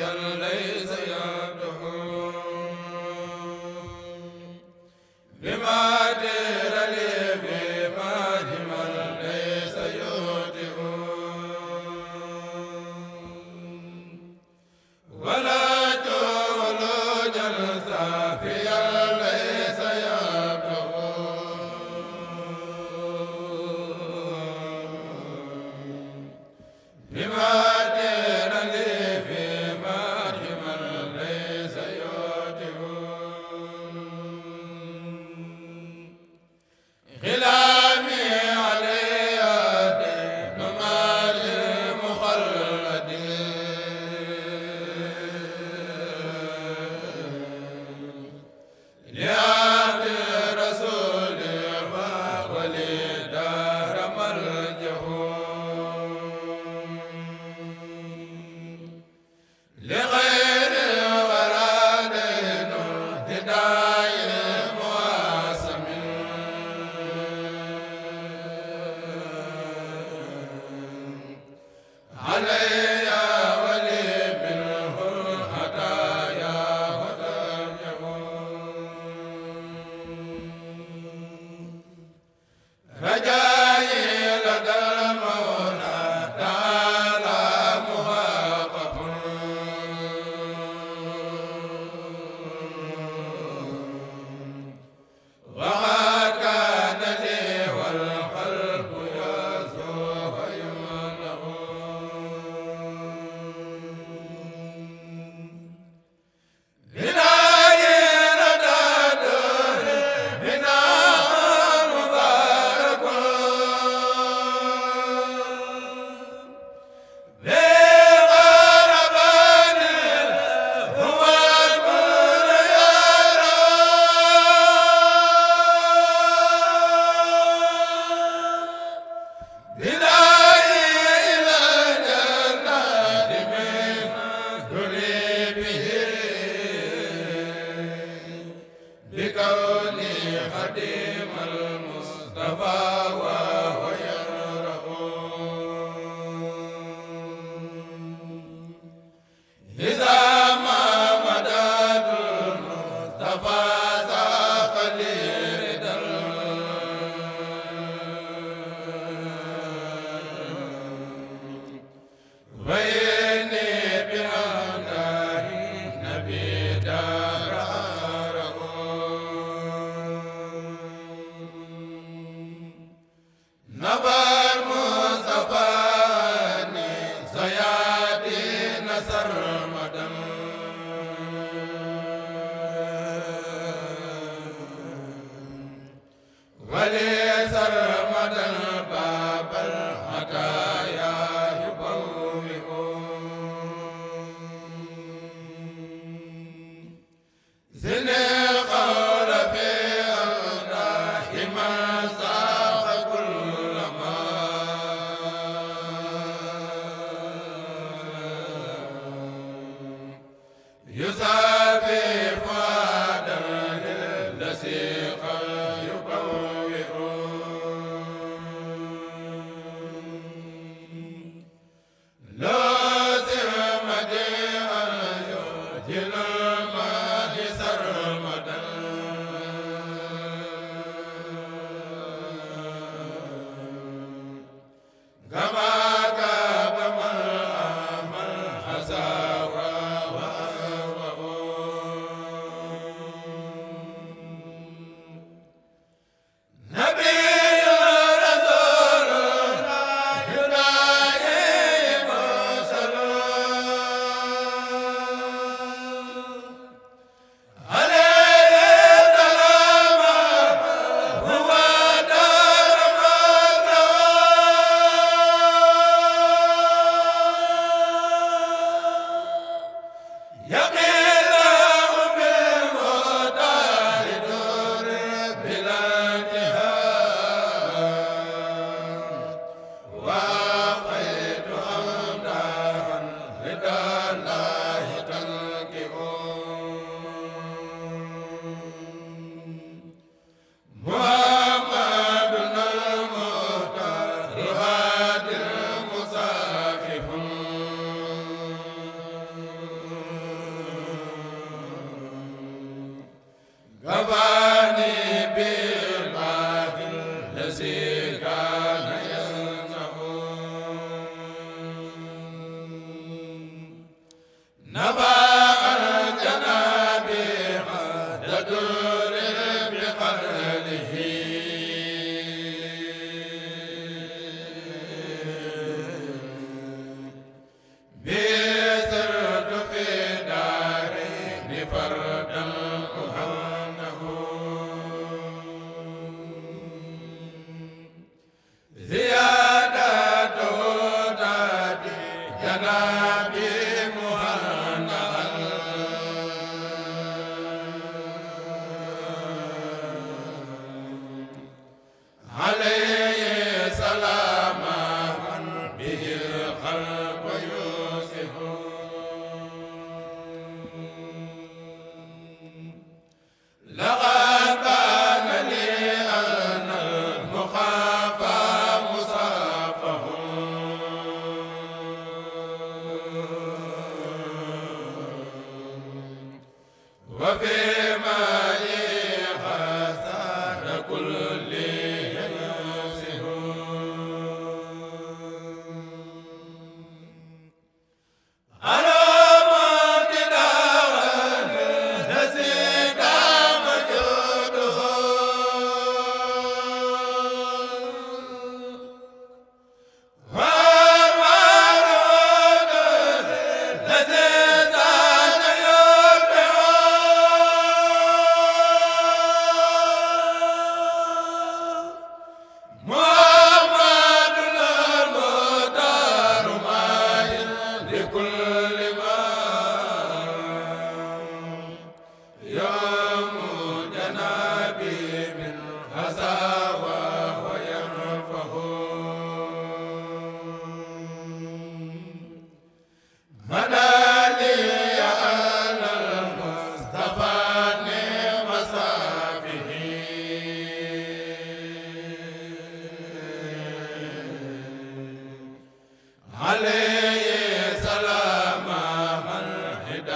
yàlla lay بكوني خديم yàlla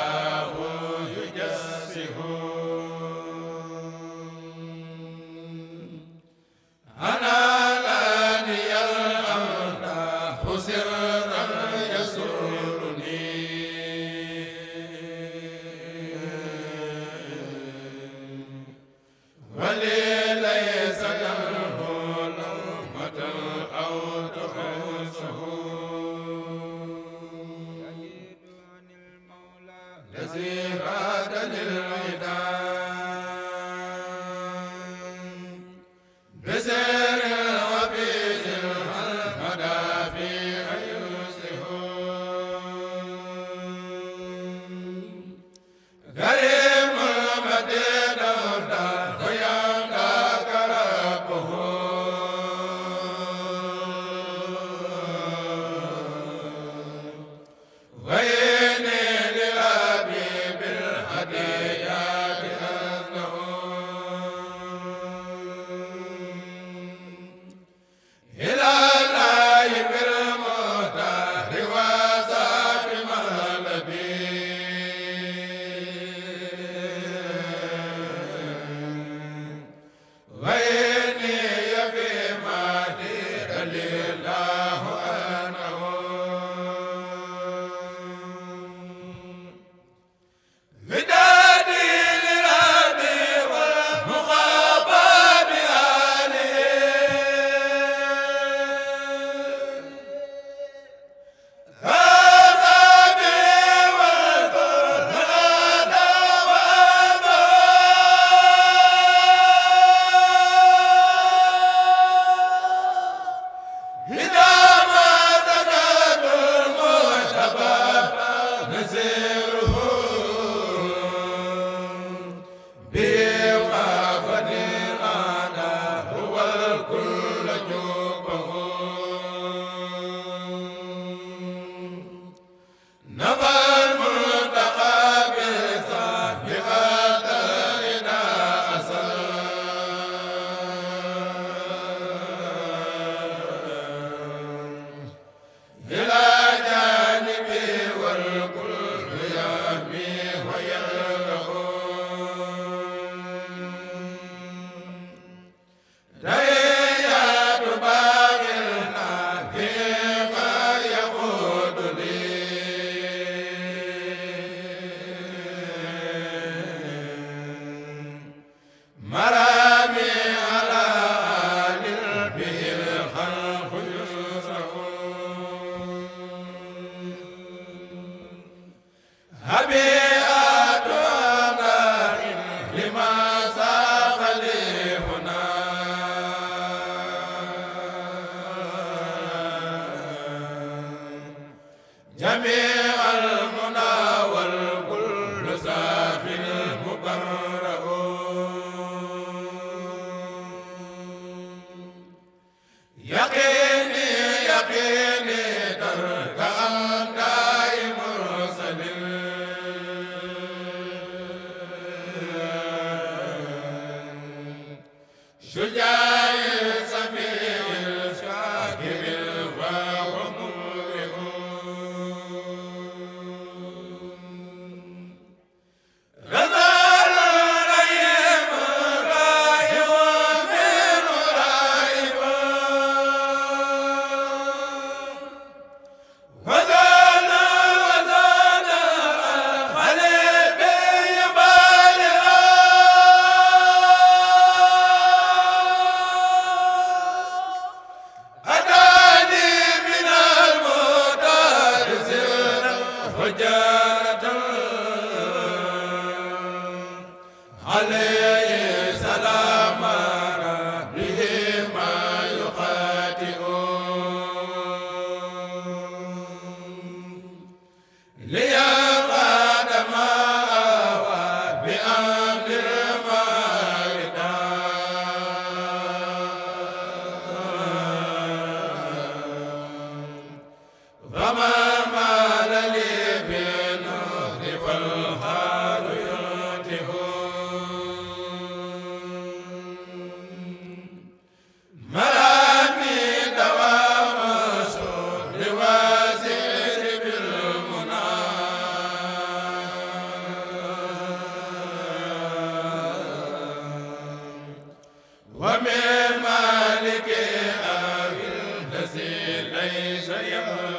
Allahu lazim Hidayah